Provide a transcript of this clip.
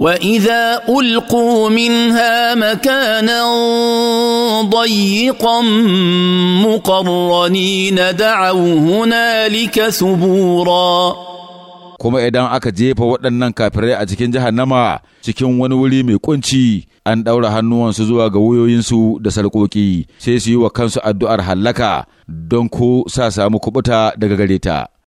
واذا القوا منها مكانا ضيقا مقرنين دعوا هنالك ثبورا kuma idan aka jefa waɗannan kafirai a cikin jahannama cikin wani wuri mai kunci an ɗaura hannuwansu zuwa ga wuyoyinsu da sarƙoƙi sai su yi wa kansu addu'ar hallaka don ko sa samu kubuta daga gareta.